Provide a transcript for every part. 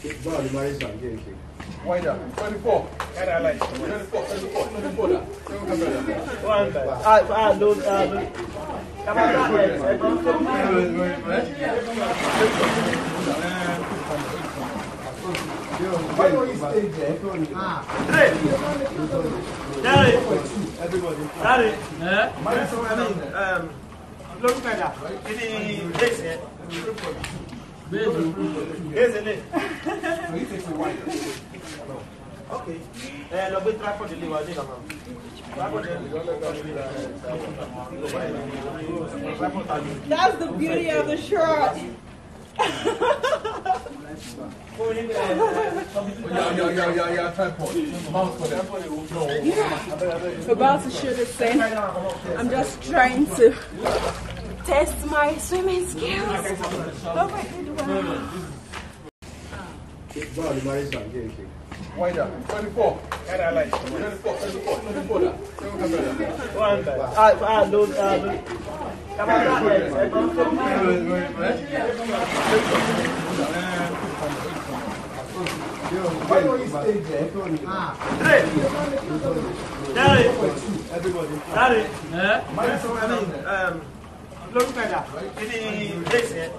Ba ni mari san ke ke. Waida, kwani ko? Kada alai. Kwani ko? Kwani ko? Kwani ko da. Wanda. Ah, ah, lo, ah, lo. Kama da. Why don't you stay there? Ah. Hey. Daddy. Everybody. Daddy. Eh? My son, um, look at that. It is this. Beijo. Esse, né? Eh, That's the beauty of the shirt. yeah, About to shoot the same. I'm just trying to test my swimming skills. Oh my god. Wider. 24. Wider. 24. 24. 24. 24. Ah, ah, no, ah, no. Camarada, Why don't you stay there? Ah. Three. Daddy. Everybody. Daddy. Yeah. My son, I mean, um, look at that. It is this.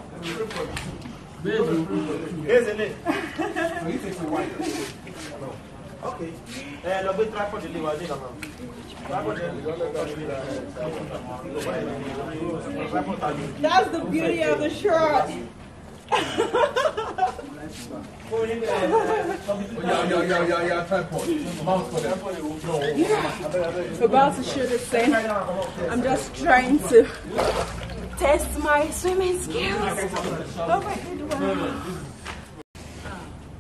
Beijo. ok That's the beauty of the shirt. yeah, about to shoot this thing. I'm just trying to test my swimming skills. Oh my goodness.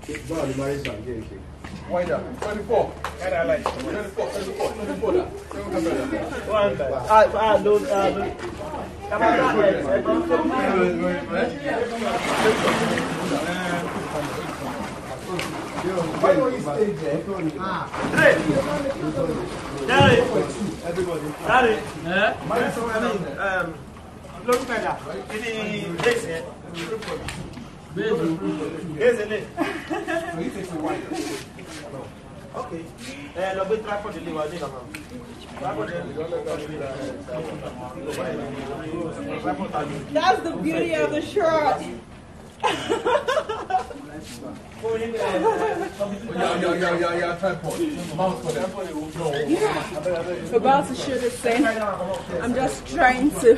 báwo ni marriage bank yẹn ṣe. wáyà twenty four ẹ̀rọ aláì twenty four twenty four twenty four la seven hundred. one hundred. a a lo a lo. kabata ẹ ẹ bá tó mú why don't you stay there? Ah. Hey! Daddy! Everybody. Daddy! Yeah? My son, I mean, um, look better. Any place here? Eh? Okay. Eh, That's the beauty of the shirt. yeah, About to shoot the same. I'm just trying to.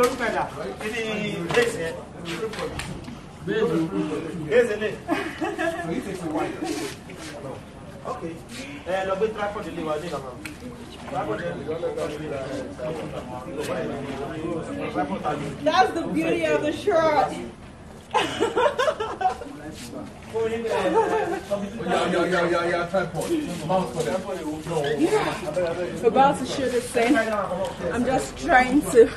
Eh, That's the beauty of the shirt. About to shoot the same. I'm just trying to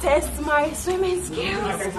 test my swimming skills.